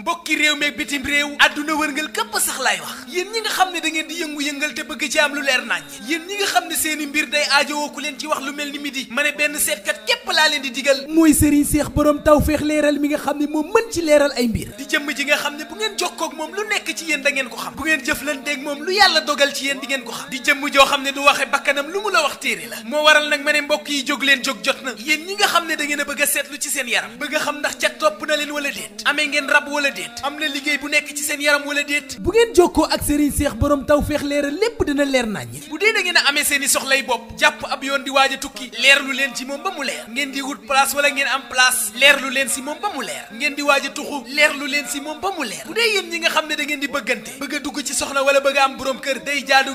mbokki réew meeg bitim réew àdduna wërngal képp sax laay wax yéen ñi nga xam ne da ngeen di yëngu-yëngal te bëgg ci am lu leer nañ yéen ñi nga xam ne seeni mbir day aajowoo ku leen ci wax lu mel ni midi ma ne benn seetkat képp laa leen di digal mooy sëriñ seex borom tawfeex leeral mi nga xam ne moom mën ci leeral ay mbir di jëmm ji nga xam ne bu ngeen jokkoo ak moom lu nekk ci yéen da ngeen ko xam bu ngeen jëflanteeg moom lu yàlla dogal ci yéen di ngeen ko xam di jëmm joo xam ne du waxe bakkanam lu mu la wax téere la moo waral nag ma ne mbokk leen jóg jot na yéen ñi nga xam ne da ngeen a bëgg ci seen yaram bëgg xam ndax ca topp na leen wala déet amee wala déet am na liggéey bu nekk ci seen yaram wala déet bu ngeen jokkoo ak Serigne Seex borom taw feex leeral lépp dina leer naññ bu dee da ngeen amee seen i soxlay bopp jàpp ab yoon di waaj a tukki leer leen ci moom ba mu leer ngeen di wut place wala ngeen am place leer leen si moom ba mu leer ngeen di waaj a tuxu leer leen si moom ba mu leer bu dee yéen ñi nga xam ne da di bëggante bëgg dugg ci soxna wala bëgg am borom kër day jaadu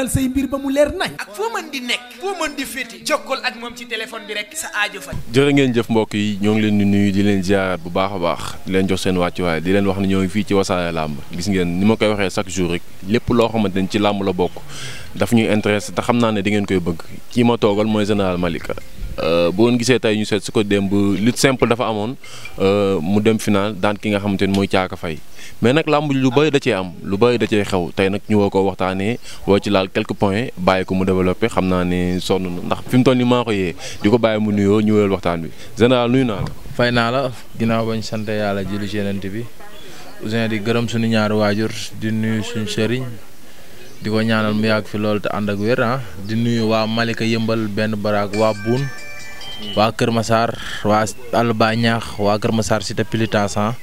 leeral say mbir ba mu leer nañ. ak foo mën di nekk. foo mën di féete. jokkool ak moom ci téléphone bi rek sa aajo faj. jërë ngeen jëf mbokk yi ñoo ngi leen di nuyu di leen ziaraat bu baax a baax di leen jox seen wàcc wàccuwaay di leen wax ne ñoo fii ci wasaare làmb gis ngeen ni ma koy waxee chaque jour rek lépp loo xamante ne ci làmb la bokk daf ñuy intéressé te xam naa ne di ngeen koy bëgg kii ma toogal mooy général Malika Euh, boo leen gisee tey ñu seet si ko bu lutte simple dafa amoon euh, mu dem final daan ki nga xamante ni mooy caaka fay mais nag làmb lu bëri da cee am lu bëri da cee xew tey nag ñu woo ko waxtaanee woo ci laal quelque points bàyyi ko mu développé xam naa ne sonn na ndax fi mu toll nii maa ko yee di ko bàyyi mu nuyoo ñu wéyal waxtaan bi général nuyu naa la. fay naa la ginnaaw bañ sant yàlla jëli ci yeneen bi Ousin di gërëm suñu ñaari waajur di nuyu suñu sëriñ. di ko ñaanal mu yàgg fi loolu te ànd ak wér ah di nuyu waa Malika yëmbal benn baraag waa Buun waa Kër Massar waa Alba Ñaax waa Kër si cité Pilitasan ah.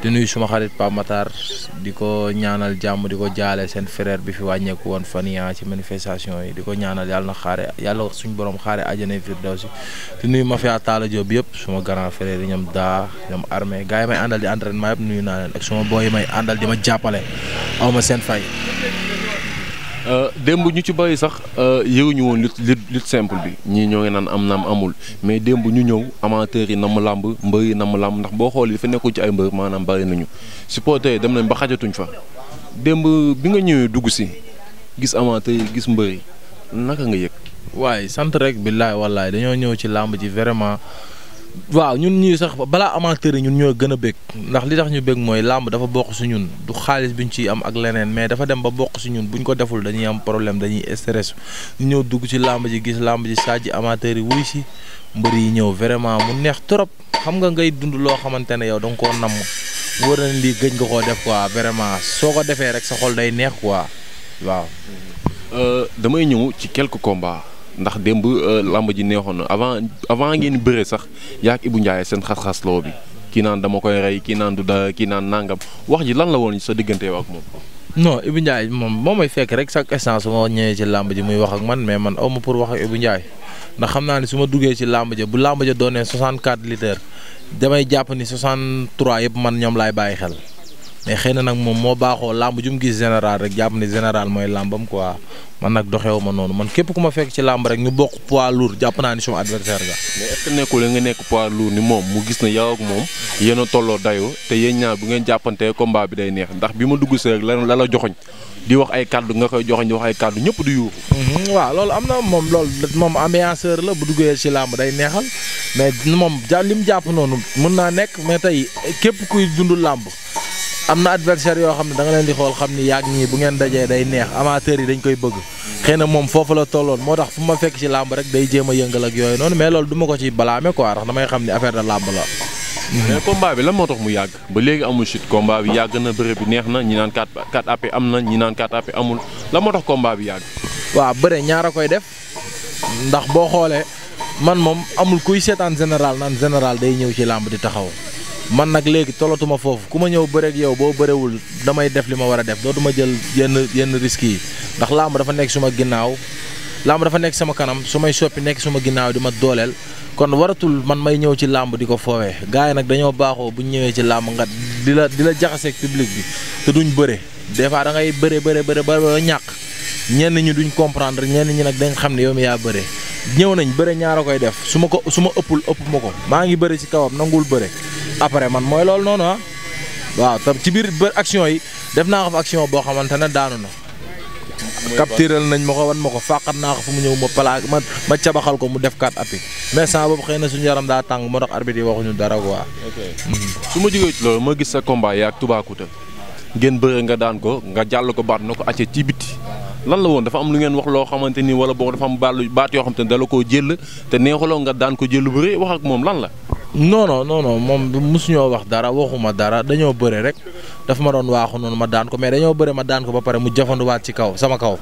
di nuyu suma xarit Pape Matar di ko ñaanal jàmm di ko jaale seen frère bi fi wàññeeku woon fan ah, ci manifestation yi di ko ñaanal yàlla na xaare yàlla suñ suñu borom xaare àjjana firdawsi di nuyu mafia Talla Diop yëpp suma grand frère yi ñoom daa ñoom armée gars yi may àndal di entraînement nuyu naa leen ak may àndal di ma jàppale aw ma seen fay. Euh, démb ñu ci bàyyi sax euh, yëguñu woon lutte lutte simple bi ñii ñoo ngi naan am naam amul mais démb ñu ñëw amateurs yi namm làmb mbër yi namm làmb ndax boo xool yi fa nekkul ci ay mbër maanaam bari nañu supporter yi dem nañ ba xajatuñ fa démb bi nga ñëwee dugg si gis amateurs yi gis mbër yi naka nga yëg. waaye sant rek billaay wallaay dañoo ñëw ci làmb ji vraiment. waaw ñun ñii sax balaa amateur yi ñun ñoo gën a bég ndax li tax ñu bég mooy làmb dafa bokk si ñun du xaalis bi ñu ciy am ak leneen mais dafa dem ba bokk si ñun bu ñu ko deful dañuy am problème dañuy stress ñu ñëw dugg ci làmb ji gis làmb ji sàjji amateur yi wuy si mbër yi ñëw vraiment mu neex trop xam nga ngay dund loo xamante ne yow da nga koo namm war na lii gëj nga koo def quoi vraiment soo ko defee rek sa xol day neex quoi waaw. Euh, damay ñëw ci quelques combats. ndax démb euh, làmb ji neexoon na avant avant ngeen bëre sax yaa Ibou Ndiaye seen xas-xas loo bi kii naan dama koy rey kii naan du kii naan nangam wax ji lan la woon sa diggante ak moom. non Ibou Ndiaye moom moom may fekk rek chaque instant su ma ñëwee ci làmb ji muy wax ak man mais ma pour wax ak Ibou Ndiaye ndax xam naa ne su ma duggee ci làmb ja bu làmb ja doonee 64 litres damay jàpp ni trois yëpp man ñoom laay bàyyi xel. mais xëy na nag moom moo baaxoo làmb ju mu gis général rek jàpp ne général mooy làmbam quoi man nag doxewu ma noonu man képp ku ma fekk ci làmb rek ñu bokk poids lourd jàpp naa ga mais est ce que nekkul moom mu gis na yow ak a tolloo dayoo te yéen ñaar bi day neex ndax bi ma dugg si rek la la joxoñ di wax ay kàddu nga koy joxoñ di wax ay kàddu ñëpp di yuuxu. Mhm, waaw loolu am na moom loolu moom ambianceur la bu duggee ci làmb day neexal mais moom ja li mu jàpp noonu mën naa nekk mais tey képp kuy dund làmb am na adversaire yoo xam ne danga leen di xool xam ni yàgg ñii bu ngeen dajee day neex amateurs yi dañ koy bëgg xëy na moom foofu la tolloon moo tax fu ma fekk ci làmb rek day jéem a yëngal ak yooyu noonu mais loolu du ko ci balaame ko ndax damay xam ni affaire de làmb la. mais combat bi la moo tax mu yàgg ba léegi amul chute combat bi yàgg na bëre bi neex na ñi naan 4 4 am na ñi naan 4 AP amul la moo tax combat bi yàgg. waaw bëre ñaar a koy def ndax boo xoolee man moom amul kuy seetaan général naan général day ñëw ci làmb di taxaw man nag léegi tollatuma foofu ku ma ñëw bëreek yow boo bërewul damay def li ma war a def dootuma jël yenn yenn risques yi ndax làmb dafa nekk suma ginnaaw làmb dafa nekk sama kanam su may soppi nekk suma ginnaaw di ma dooleel kon waratul man may ñëw ci làmb di ko foowee gars yi nag dañoo baaxoo bu ñu ñëwee ci làmb nga di la di la jaxaseeg public bi te duñu bëre des fois da ngay bëre bëre bëre ba ñàkk ñenn ñi duñu comprendre ñenn ñi nag dañ xam ne yow mi yaa bëre ñëw nañ bëre ñaar koy def su ma ko su ma ëppul ëpp ko maa ngi bëre ci kawam nangul bëre après man mooy loolu noonu ah waaw ci biir ba action yi def naa ko fa action boo xamante ne daanu na. captural nañ ma ko wan ma ko fàqat naa ko fu mu ñëw ma plaqué ma ma cabaxal ko mu def kaat appi mais sans boobu xëy na suñu yaram daa tàng moo tax arbitre yi waxuñu dara quoi. Mhm. su ma jógee ci loolu ma gis sa combat yaa ak Toubacouta ngeen bëre nga daan ko nga jàll ko baat na ko acce ci biti. lan la woon dafa am lu ngeen wax loo xamante ni wala boog dafa am baat yoo xamante ni dala koo jël te neexuloo nga daan ko jël bu rëy wax ak moom lan la. non non moom non mu suñoo wax dara waxuma dara dañoo bëre rek dafa ma doon waaxu noonu ma daan ko mais dañoo bëre ma daan ko ba pare mu jëfanduwaat ci kaw sama kaw.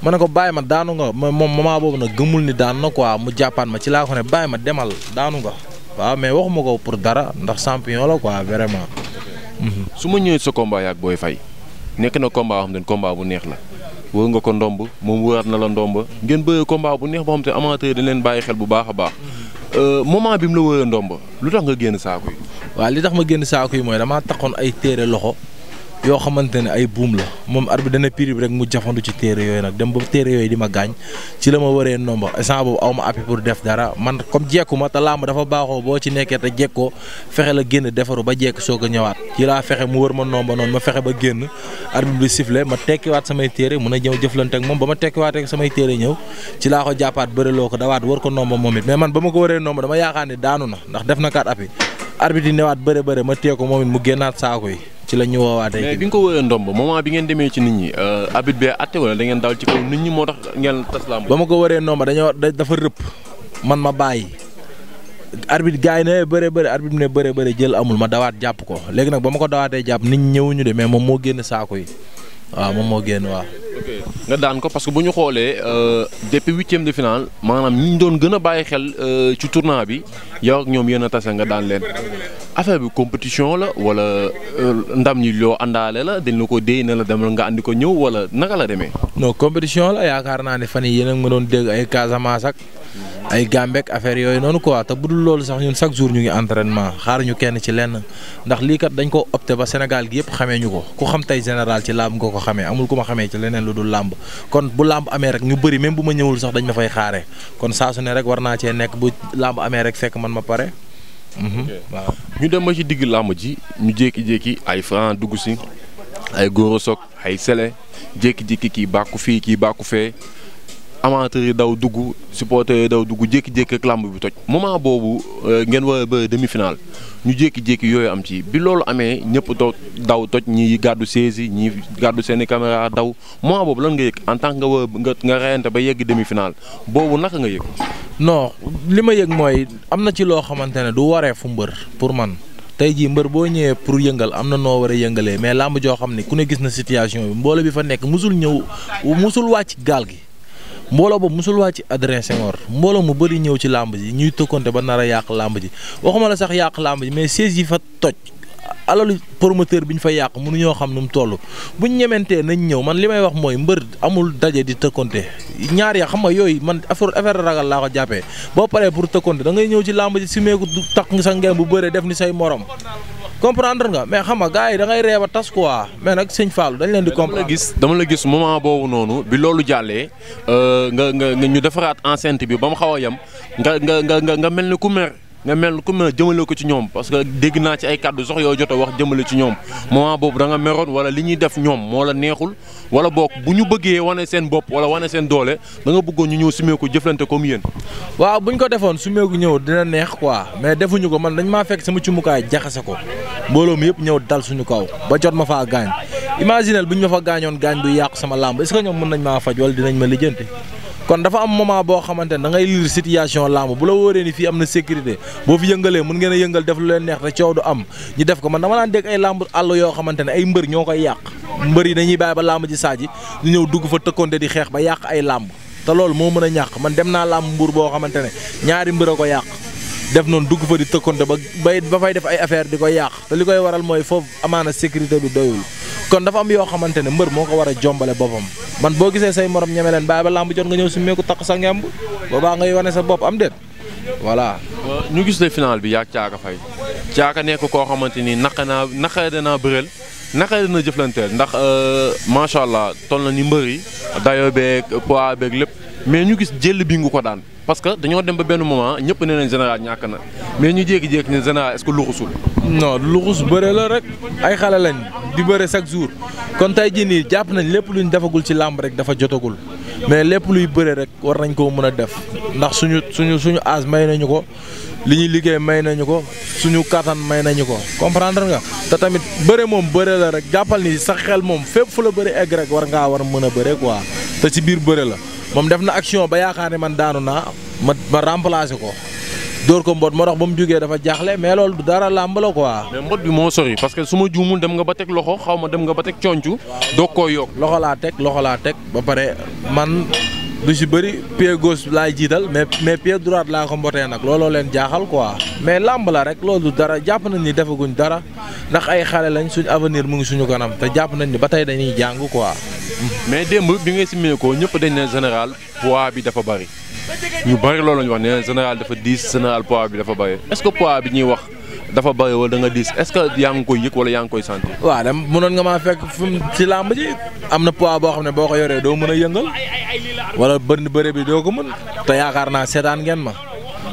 ma ne ko bàyyi ma daanu nga ma moom moment boobu na gëmul ni daan na quoi mu jàppaat ma ci laa ko ne bàyyi ma demal daanu nga waaw mais waxuma ko pour dara ndax champion la quoi vraiment. Mhm. su ma ñëwee sa combat yaag booy fay nekk na combat boo xam ne bu neex la wër nga ko ndomb moom wëraat na la ndomb ngeen bëre combat bu neex boo xam te amateur dañ leen bàyyi xel bu baax a baax. Euh, moment bi mu la wëyee ndomb lu tax nga génn saako yi. waaw li tax ma génn saako yi mooy damaa taxoon ay téere loxo yoo xamante ne ay buum la moom arbitre dana piri bi rek mu jafandu ci téere yooyu nag dem ba téere yooyu di ma gaañ ci la ma waree nomba instant boobu aw ma pour def dara man comme jekkuma ma te dafa baaxoo boo ci nekkee te jekkoo fexe la génn defaru ba jekk soog a ñëwaat ci laa fexe mu war ma nomba noonu ma fexe ba génn arbitre bi sifflé ma tekkiwaat samay téere mun a ñëw jëflante ak moom ba ma tekkiwaat rek samay téere ñëw ci laa ko jàppaat bëriloo ko dawaat wër ko nomba moom mais man ba ma ko waree nomba dama yaakaar ne na ndax def na kaat appui arbitre di newaat bëre bëre ma téye ko moom it mu génnaat saako yi ci la ñu woowaatee. mais bi nga ko wëree ndomb moment bi ngeen demee ci nit ñi euh, arbitre bi àtte wala da ngeen dal ci kaw nit ñi moo tax ngeen tas lamb. ba ma ko wëree ndomb dañoo dafa rëpp man ma bàyyi arbitre gars yi ne bëre bëre arbitre bi ne bëre bëre jël amul ma dawaat jàpp ko léegi nag ba ma ko dawaatee jàpp nit ñi ñëwuñu de mais moom moo génn saako yi waaw moom moo génn waa ok nga daan ko parce que bu ñu xoolee euh, depuis huitième de finale maanaam ñi ñu doon gën a bàyyi xel euh, ci tournoi bi yow ak ñoom yéen a tase nga daan leen affaire bi compétition la wala euh, ndam ñi loo àndaale la dañ la ko déy ne la demal nga andi ko ñëw wala naka la demee. non compétition la yaakaar naa ne fan yii ma doon dégg ay Casamance ak ay Gambek affaire yooyu noonu ko te bu dul loolu sax ñun chaque jour ñu ngi entraînement xaar ñu kenn ci lenn ndax ko opté ba leneen lu dul làmb kon bu làmb amee rek ñu bëri même bu ma ñëwul sax dañ ma fay xaaree kon saa su ne rek war naa cee nekk bu làmb amee rek fekk man ma pare. Mhm, waaw ñu dem ba ci digg làmb ji ñu jékki-jékki ay franc dugg si ay góor a soog ay sele jékki-jékki kii bàkku fii kii bàkku fee. amateurs yi daw dugg supporters yi daw dugg jékki-jékki ak làmb bi toj. moment boobu euh, ngeen war a ba demi-finale ñu jékki-jékki yooyu am ci bi loolu amee ñëpp daw daw toj ñi gàddu saisi ñi gàddu seen i caméra daw moment boobu lan nga yëg en tant que nga war nga nga reyante ba yegg demi-finale boobu naka nga yëg. non li ma yëg mooy am na ci loo xamante ne du waree fu mbër pour man. tey jii mbër boo ñëwee pour yëngal am na noo war a yëngalee mais làmb joo xam ne ku ne gis na situation bi mboolo bi fa nekk musul ñëw musul wàcc gaal gi mbooloo boobu mosul waa ci adresse Senghor mbooloo mu bëri ñëw ci làmb ji ñuy tëkkonte ba nara yàq làmb ji waxuma la sax yàq làmb ji mais siège yi fa toj alalu promoteur bi ñu fa yàq mënuñoo xam nu mu bu buñ ñementee nañ ñëw man li may wax mooy mbër amul daje di tëkkonte ñaar ya xam nga yooyu man affaire affaire ragal laa ko jàppee boo paree pour tëkkonte da ngay ñëw ci làmb ji si meeku takk sa ngeen bu bëree def ni say morom comprendre nga mais xam nga gars yi da ngay reeba tas quoi mais nag sëñ Fallou dañ leen di. comprendre dama la gis dama la gis moment boobu noonu bi loolu jàllee euh, nga nga nga ñu defaraat enceinte bi ba mu xaw a yem nga nga nga nga mel ni ku mer. nga mel ku mel jëmale ko ci ñoom parce que dégg naa ci ay kàddu sox yoo jot wax jëmale ci ñoom moment boobu da nga meroon wala li ñuy def ñoom moo la neexul wala boog bu ñu bëggee wane seen bopp wala wane seen doole da nga bëggoon ñu ñëw sumeeku jëflante comme yéen. waaw bu ñu ko defoon sumeeku ñëw dina neex waa mais defuñu ko man dañ maa fekk sama cumukaay jaxase ko mbooloo mi yëpp ñëw dal suñu kaw ba jot ma faa gaañ imaginel bu ñu ma fa gaañoon gaañ bu yàqu sama làmb ñoom mën nañ maa faj wala dinañ ma lijjanti kon dafa am moment boo xamante ne da ngay situation làmb bu la wóoree ni fii am na sécurité boo fi yëngalee mun ngeen a yëngal def lu leen neex te coow du am ñu def ko man dama naan dégg ay làmb àll yoo xamante ne ay mbër ñoo koy yàq mbër yi dañuy bàyyi ba làmb ji saaji ñu ñëw dugg fa tëkkonte di xeex ba yàq ay làmb te loolu moo mën a ñàq man dem naa làmb mbur boo xamante ne ñaari mbër ko yàq def noonu dugg fa di tëkkonte ba bay ba fay def ay affaire di koy yàq li koy waral mooy foofu amaana sécurité bi doyul kon dafa am yoo xamante ne mbër moo ko war a jombale boppam man boo gisee say morom ñeme leen bàyyi ba làmb jot nga ñëw si meeku takk sa ngemb boobaa ngay wane sa bopp am déet voilà. ñu gis la final bi yaag Caaka Faye Caaka nekk koo xamante ni naqa naa naqa danaa bëreel naqa dana jëflanteel ndax euh, macha allah toll na ni mbër yi dayoo beeg poids beeg lépp mais ñu gis jël bi ngu ko daan. parce que dañoo dem ba benn moment ñëpp nee nañ général ñàkk na mais ñu jékki-jékki ne général est-ce que luxusul. non luxus bëre la rek ay xale lañ di bëre chaque jour kon tey jii nii jàpp nañ lépp luñ defagul ci làmb rek dafa jotagul mais lépp luy bëre rek war nañ koo mën a def ndax suñu suñu suñu âge may nañu ko li ñuy liggéey may nañu ko suñu kattan may nañu ko comprendre nga. te tamit bëre moom bëre la rek jàppal ni sax xel moom fépp fu la bëre egg war ngaa war mën a bëre quoi te biir bëre la. moom def na action ba yaakaar ne man daanu naa ma ma remplacer ko dóor ko mbot moo tax ba mu jógee dafa jaaxle mais loolu dara làmb la mbot bi moo sori parce que su juumul dem nga ba teg loxo xaw ma dem nga ba teg concu. doog koo yokk loxo laa teg loxo laa teg ba pare man. du si bëri pied gauche laay jiital mais mais pied droite laa ko mbotee nag looloo leen jaaxal quoi mais làmb la rek loolu dara jàpp nañ ni defaguñ dara ndax ay xale lañ suñ avenir mu ngi suñu kanam te jàpp nañ ni ba tey dañuy jàng quoi. mais démb bi ngay simee ko ñëpp dañ ne général poids bi dafa bari ñu bari loolu la ñu wax ne général dafa diis général pois bi dafa bari est-ce que poids bi ñuy wax dafa bari wala da nga diis est-ce que yaa ngi koy yëg wala yaa ngi koy sentir. waaw dama mënoon nga maa fekk fu ci làmb ji am na pois boo xam ne boo ko yoree doo mën a yëngal wala bën bëre bi doo ko mën te yaakaar naa seetaan ngeen ma.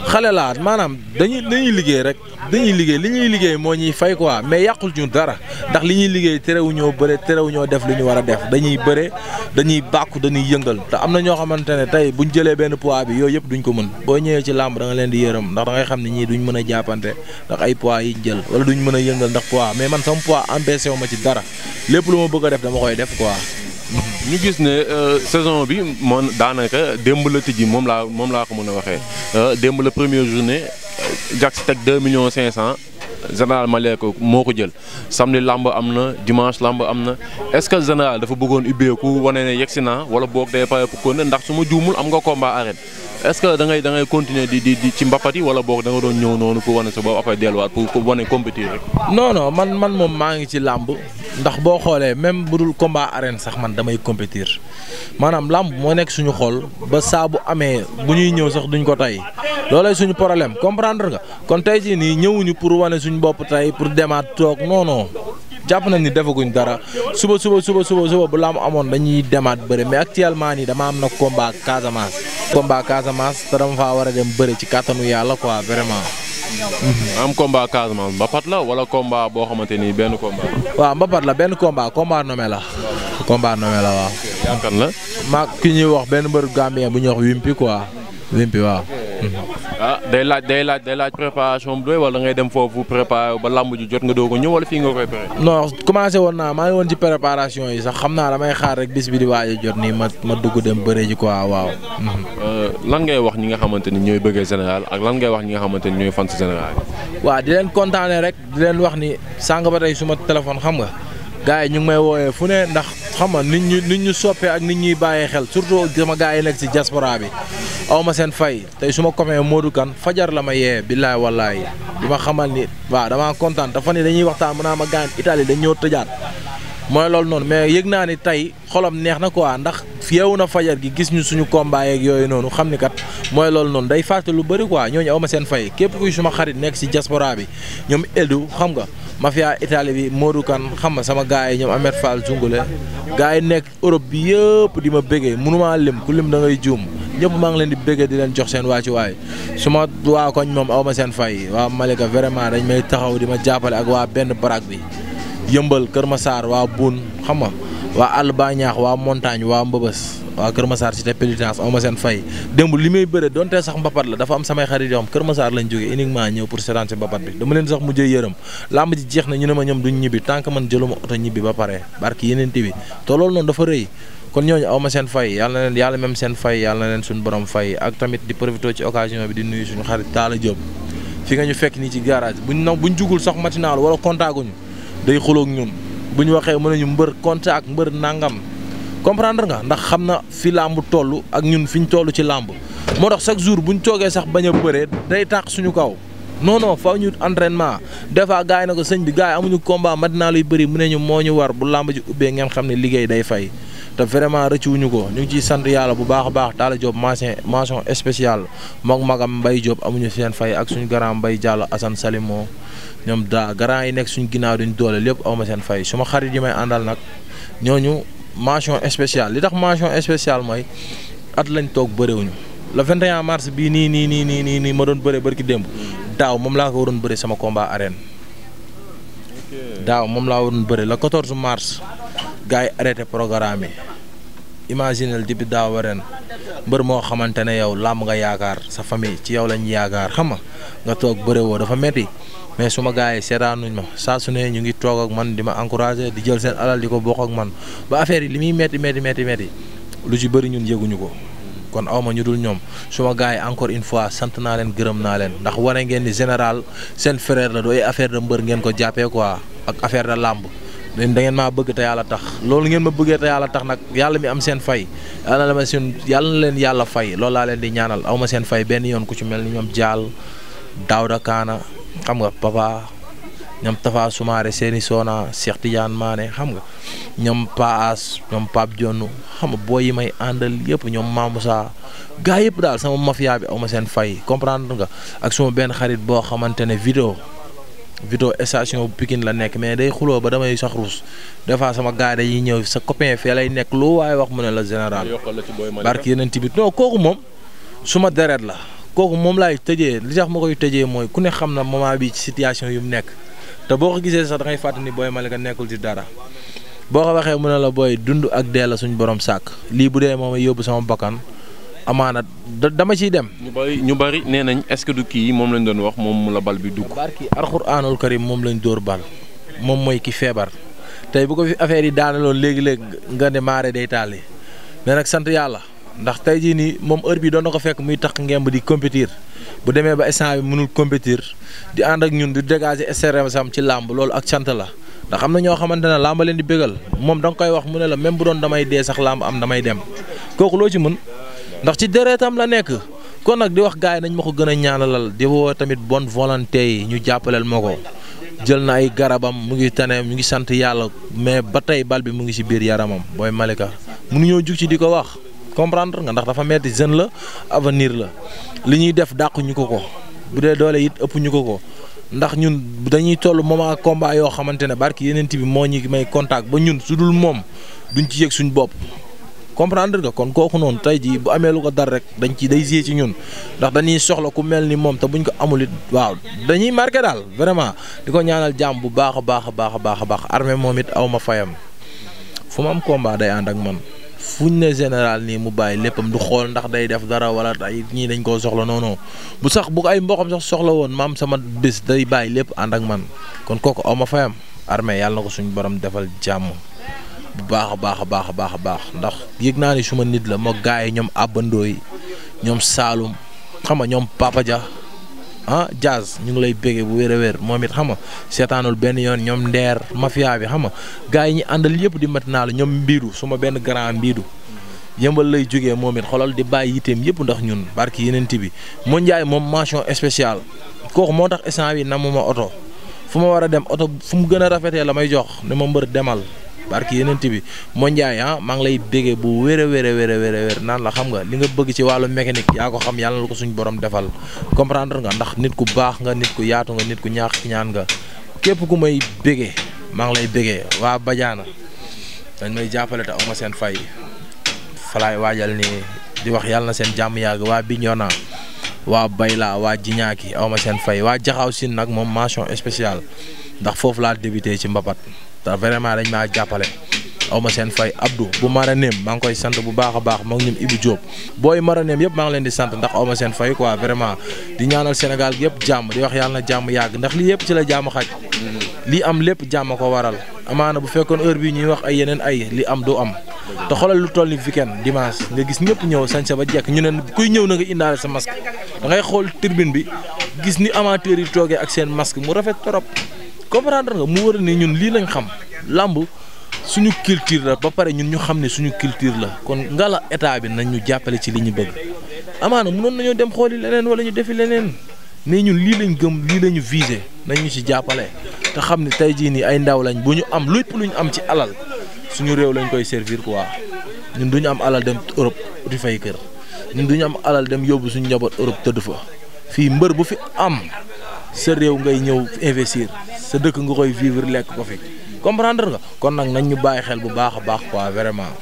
xale laa maanaam dañuy dañuy liggéey rek dañuy liggéey li ñuy liggéey moo ñuy fay quoi mais yàqul ñu dara ndax li ñuy liggéey terewuñoo bëre terewuñoo def lu ñu war a def dañuy bëre dañuy bàkku dañuy yëngal te am na ñoo xamante ne tey buñ jëlee benn poids bi yooyu yëpp duñ ko mën boo ñëwee ci làmb da leen di yërëm ndax da ngay xam ne ñii duñ mën a jàppante ndax ay poids yi jël wala duñ mën a yëngal ndax poids mais man sama poids empêché wu ma ci dara lépp lu ma bëgg a def koy def quoi ñu gis ne euh, saison bi moom daanaka démb la tijji moom laa moom laa ko mën a waxee euh, démb la première journée Jax teg 2 millions 500. général Malika moo ko jël samedi lamb am na dimanche lamb am na est-ce dafa bëggoon ubbeeku wane ne yegsi naa wala boog day pare pour ko ndax su ma juumul am nga combat arène est-ce que da ngay da ngay continuer di di di ci mbapat yi boog da nga doon ñëw noonu pour wane sa bopp après delluwaat pour wane compétir rek. non man man moom maa ngi ci làmb ndax boo xoolee même bu dul combat arène sax man damay compétir maanaam làmb moo nekk suñu xol ba saa bu amee bu ñuy ñëw sax duñ ko tey suñ bopp tey pour demaat toog non jàpp nañ ni defaguñ dara suba suba suba suba suba bu lam amoon dañuy demaat bëre mais actuellement nii dama am na combat Casamance. combat Casamance te dama faa war a dem bëre ci kàttanu yàlla quoi vraiment. Mm-hmm. am combat Casamance mbapat la wala combat boo xamante ni benn combat. waaw mbapat la benn combat combat nommé la. combat nommé la waaw. ki ñuy wax benn mbër Gambien bu ñuy wax Wimpi quoi Wimpi ah day laaj day laaj day laaj préparation bu doy wala ngay dem foofu préparé ba làmb ji jot nga doo ko ñëw wala fii nga koy préparé. non commencé woon naa maa ngi woon ci préparation yi sax xam naa damay xaar rek bis bi di waaj jot nii ma ma dugg dem bëre ji quoi waaw. Euh, lan ngay wax ñi nga xamante ni ñooy bëggee général ak lan ngay wax ñi nga xamante ni ñooy fans général. waaw di leen kontaanee rek di leen wax ni sànq ba tey suma téléphone xam nga gars yi ñu may woowee fu ne ndax xam nga nit ñu nit ñu soppee ak nit ñuy bàyyee xel surtout sama gars yi nekk si diaspora bi aw ma seen fay tey suma ma comee Modou fajar la ma yee billaay wallaay di ma xamal ni waaw damaa kontaan te ne yii dañuy waxtaan mu naa ma gaañ itali dañ ñëw tëjaat mooy loolu noonu mais yëg naa ne tey xolam neex na ko quoi ndax yeewu na fajar gi gis ñu suñu combat yeeg yooyu noonu xam ni kat mooy loolu noonu day fàtte lu bëri quoi ñooñu aw ma seen fay képp kuy suma xarit nekk si diaspora bi ñoom Edu xam nga. mafia Italie bi Modou xam nga sama gars yi ñoom Ahmed Fall Zungule gars yi nekk Europe bi yëpp di ma bëggee mënumaa lim ku lim da ngay juum ñëpp maa ngi leen di bëggee di leen jox seen waa ci waay su ma waa koñ moom aw ma seen fay waa maleka vraiment dañ may taxaw di ma jàppale ak waa benn barak bi yëmbal Kër Massar waa Boune xam nga waa Alba Niakh waa Montagne waa Mbëbës waa Kër Massar cité pénitence aw ma seen fay démb li may bëre donte sax mbapat la dafa am samay xarit yoo xam Kër Massar lañ jógee uniquement ñëw pour seetaan si mbapat bi dama leen sax mujjee yërëm làmb ji jeex na ñu ne ma ñoom duñ ñibbi tant que man jëluma oto ñibbi ba pare barki yeneen bi te loolu noonu dafa rëy kon ñooñu aw seen fay yàlla na leen yàlla même seen fay yàlla na leen suñu borom fay ak tamit di profité ci occasion bi di nuyu suñu xarit Talla Diop fi nga jugul sax matinal wala contact ñu day xuloog ñun ñu waxee mën nañu mbër contact mbër nangam comprendre nga ndax xam na fi làmb toll ak ñun fi ñu toll ci làmb moo tax chaque jour bu ñu toogee sax bañ a bëree day tàq suñu kaw non non faaw ñu entraînement des fois gars yi na ko sëñ bi gars amuñu combat ma dinaa luy bëri mu ne ñu moo ñu war bu làmb ji ubbee ngeen xam ne liggéey day fay te vraiment rëccuwuñu ko ñu ngi ciy sant yàlla bu baax a baax Talla Diop mention mention spéciale moom magam Mbaye Diop amuñu seen fay ak suñu grand Mbaye Diallo Assane Salimo ñoom daa grand yi nekk suñu ginnaaw duñ doole lépp aw ma seen fay suma xarit yi may àndal nag mention spéciale li tax mention spéciale mooy at lañ toog bëréwuñu le 21 mars bii nii nii nii nii nii nii ma doon bëre barki démb daaw moom laa ko waroon bëre sama combat arène daaw moom laa waroon bëre le 14 mars gars yi arrêté programme yi imaginel depuis daaw ren mbër moo xamante ne yow làmb nga yaakaar sa famille ci yow lañ yaakaar xam nga nga toog bëre woo dafa metti mais suma gars yi seetaanuñ ma saa su ne ñu ngi toog ak man di ma encouragé di jël seen alal di ko bokk ak man ba affaire yi li muy métti métti métti métti lu ci bëri ñun yëguñu ko. kon aw ma ñu dul ñoom suma gars yi encore une fois sant naa leen gërëm naa leen ndax wane ngeen di général seen frère la dooy affaire de mbër ngeen ko jàppee quoi ak affaire de làmb. da ngeen maa bëgg te yàlla tax loolu ngeen ma bëggee te yàlla tax nag yàlla mi am seen fay yàlla leen yàlla fay loolu laa leen di ñaanal ma seen fay benn yoon ku ci mel ni ñoom Diall xam nga papa ñoom Tafa Soumaré seeni Sona Cheikh Tidiane Mané xam nga ñoom Pa As ñoom Pape Jonn xam nga booy yi may àndal yëpp ñoom Mamoussa gaa yëpp daal sama mafia ma seen fay comprendre nga ak suma benn xarit boo xamante ne vidéo vidéo station Pikine la nekk mais day xuloo ba damay sax ruus des fois sama gaa yi ñëw sa copain fee lay nekk lu waaye wax mu ne la général barki yeneen tibit non kooku moom suma deret la kooku moom laay tëjee li sax ma koy tëjee mooy ku ne xam na moment bi ci situation yu mu nekk te boo ko gisee sax da ngay fàttali ni Boy Malika nekkul ci dara boo ko waxee mu ne la booy dund ak dee la suñ borom sàkk lii bu dee moom yóbbu sama bakkan amaana dama ciy dem. ñu bari ñu bari nee nañ est-ce que du kii moom lañ doon wax moom mu la bal bi dugg. barki alxuraanul karim moom lañ dóor bal moom mooy ki feebar tey bu ko fi affaire yi daanaloon léegi-léegi nga ne maare day taal mais nag sant yàlla. ndax tey jii nii moom heure bi doon na ko fekk muy tax ngemb di compétir bu demee ba instant bi mënul compétir di ànd ak ñun di dégager SRM sam ci làmb loolu ak sant la ndax am na ñoo xamante ne làmb leen di bégal moom danga koy wax mu ne la même bu doon damay dee sax làmb am damay dem kooku loo ci mën ndax ci deretam la nekk kon nag di wax gars yi nañ ma ko gën a ñaanalal di woo tamit bonne volonté yi ñu jàppaleel ma ko jël na ay garabam mu ngi tane mu ngi sant yàlla mais ba tey bal bi mu ngi ci biir yaramam booy comprendre nga ndax dafa metti jeune la avenir la li ñuy def dàqu ñu ko ko bu dee doole it ëpp ñu ko ko ndax ñun dañuy toll moment combat yoo xamante ne barki yeneen bi moo ñu may contact ba ñun su dul moom duñ ci yëg suñ bopp comprendre nga kon kooku noonu tey jii bu amee lu ko dar rek dañ ci day gisee ci ñun ndax dañuy soxla ku mel ni moom te buñ ko amul it waaw dañuy marqué daal vraiment di ko ñaanal jàmm bu baax a baax a baax a baax a baax armée moom it aw ma fayam fu am combat ànd ak man. fu ñu ne général nii mu bàyyi léppam du xool ndax day def dara wala ay ñii dañ koo soxla noonu bu sax bu ay mboqam sax soxla woon maam sama bés day bàyyi lépp ànd ak man kon kooku aw ma fayam armée yàlla na ko suñu borom defal jàmm bu baax a baax a baax a baax a baax ndax yëg naa ni suma nit la ma gaay yi ñoom àbbandoo yi ñoom Saalum xam nga ñoom Papa Dia ah jazz ñu ngi lay béggee bu wér a wér moom it xam nga seetaanul benn yoon ñoom ndeer mafia bi xam nga gars yi ñu àndal yëpp di mat naa la ñoom mbiidu suma benn grand mbiidu yëmbal lay jógee moom it xoolal di bàyyi yiteem yëpp ndax ñun barki yeneen bi mu njaay moom mention spéciale kooku moo tax instant bi ma oto fu ma war a dem oto fu mu gën a rafetee la may jox ne ma mbër demal barki yenent bi moo njaay ah maa ngi lay béggee bu wér a wér a wér naan la xam nga li nga bëgg ci wàllu mécanique yaa ko xam yàlla na ko suñu borom defal comprendre nga ndax nit ku baax nga nit ku yaatu nga nit ku ñaax ñaan nga képp ku may béggee maa ngi lay béggee waa Badiana dañ may jàppale te awma seen fay falaay waajal ni di wax yàlla seen jàmm yàgg waa Bignona waa Bayla waa Jiñaaki awma seen fay waa Jaxaaw Sine nag moom mention spéciale ndax foofu laa débuté ci mbapat te vraiment dañ maa jàppale aw ma seen fay Abdou bu maraneem maa ngi koy sant bu baax a baax ma ngi ñoom Ibou Diop booy maraneem yëpp maa ngi leen di sant ndax aw ma seen fay quoi vraiment di ñaanal Sénégal yëpp jàmm di wax yàlla na jàmm yàgg ndax lii yëpp ci la jàmm xaj lii am lépp jàmm ko waral amaana bu fekkoon heure bi ñuy wax ay yeneen ay li am du am te xoolal lu toll ni weekend dimanche nga gis ñëpp ñëw sañ sa ba jekk ñu ne kuy ñëw na nga indaale sa masque da ngay xool tribune bi gis ni amateur yi toogee ak seen masque mu rafet torop comprendre nga mu war ni ñun lii lañ xam làmb suñu culture la ba pare ñun ñu xam ne suñu culture la kon ngala état bi nañ ñu jàppale ci li ñu bëgg amaana mënoon nañoo dem xooli leneen wala ñu defi leneen mais ñun lii lañ gëm lii lañu visé nañ ñu ci jàppale te xam ne tey jii nii ay ndaw lañ bu ñu am lépp lu ñu am ci alal suñu réew lañ koy servir quoi ñun duñu am alal dem Europe di fay kër ñun duñu am alal dem yóbbu suñu njaboot Europe tëdd fa fii mbër bu fi am. sa réew ngay ñëw investir sa dëkk nga koy vivre lekk ko fi comprendre nga kon nag nañ ñu bàyyi xel bu baax a baax quoi vraiment.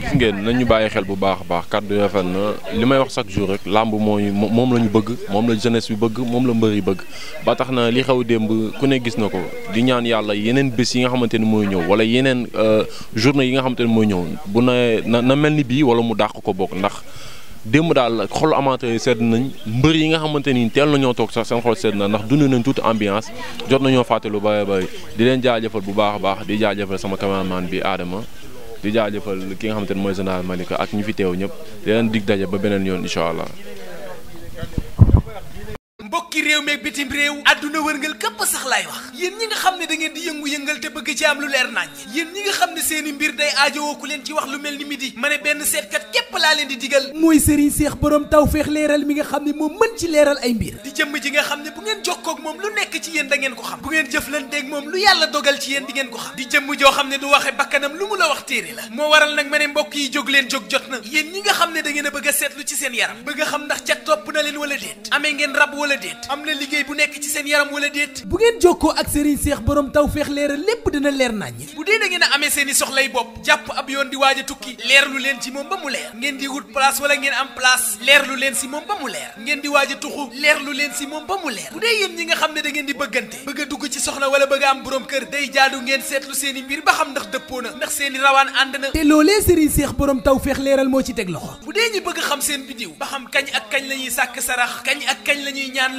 gis ngeen nañ ñu bàyyi xel bu baax a baax kàddu yi na li may wax chaque jour rek làmb mooy moom la ñu bëgg moom la jeunesse bi bëgg moom la mbër yi bëgg ba tax na li xew démb ku ne gis na ko di ñaan yàlla yeneen bis yi nga xamante ni mooy ñëw wala yeneen euh, journée yi nga xamante ni mooy ñëw bu na na mel ni bii wala mu dàq ko bokk ndax. démb daal xolu amateur yi sedd nañ mbër yi nga xamante ni teel nañoo toog sax seen xol sedd na ndax dund nañ tuuti ambiance jot nañoo fàtte lu bëri bëri di leen jaajëfal bu baax a baax di jaajëfal sama cameraman bi Adama di jaajëfal ki nga xamante ni mooy général Malika ak ñu fi teew ñëpp di leen dig daje ba beneen yoon incha allah. bokki réew meeg bitim réew adduna wërngal këpp sax laay wax yéen ñi nga xam ne da ngeen di yëngu-yëngal te bëgg ci am lu leer nañ yéen ñi nga xam ne seeni mbir day aajowoo ku leen ci wax lu mel ni midi ma ne benn seetkat képp laa leen di digal mooy sëriñ seex borom tawfeex leeral mi nga xam ne moom mën ci leeral ay mbir di jëm ji nga xam ne bu ngeen jokkoo ak moom lu nekk ci yéen da ngeen ko xam bu ngeen jëflanteeg moom lu yàlla dogal ci yéen di ngeen ko xam di jëmm joo xam ne du waxe bakkanam lu mu la wax téere la moo waral nag ma ne mbokk yi jóg leen jóg jot na yéen ñi nga xam ne da ngeen a ci seen yaram bëgg xam ndax ca na leen wala déet amee ngeen rab wala déet am na liggéey bu nekk ci seen yaram wala déet bu ngeen jokkoo ak Serigne Seex borom tawfeex leeral lépp dina leer naññ bu dee da ngeen amee seen i soxlay bopp jàpp ab yoon di waaja tukki leer leen ci moom ba mu leer ngeen di wut place wala ngeen am place leer lu leen si moom ba mu leer ngeen di waaj tuxu leer lu leen si moom ba mu leer bu dee yéen ñi nga xam ne dangeen ngeen di bëggante bëgg dugg ci soxna wala bëgg am borom kër day jaadu ngeen seetlu seen i mbir ba xam ndax dëppoo na ndax seen rawaan ànd na te loolee Serigne Seex borom tawfeex leeral moo ci teg loxo bu dee xam seen bidiw ba xam kañ ak kañ la ñuy sàkk sarax kañ ak kañ la ñuy ñaan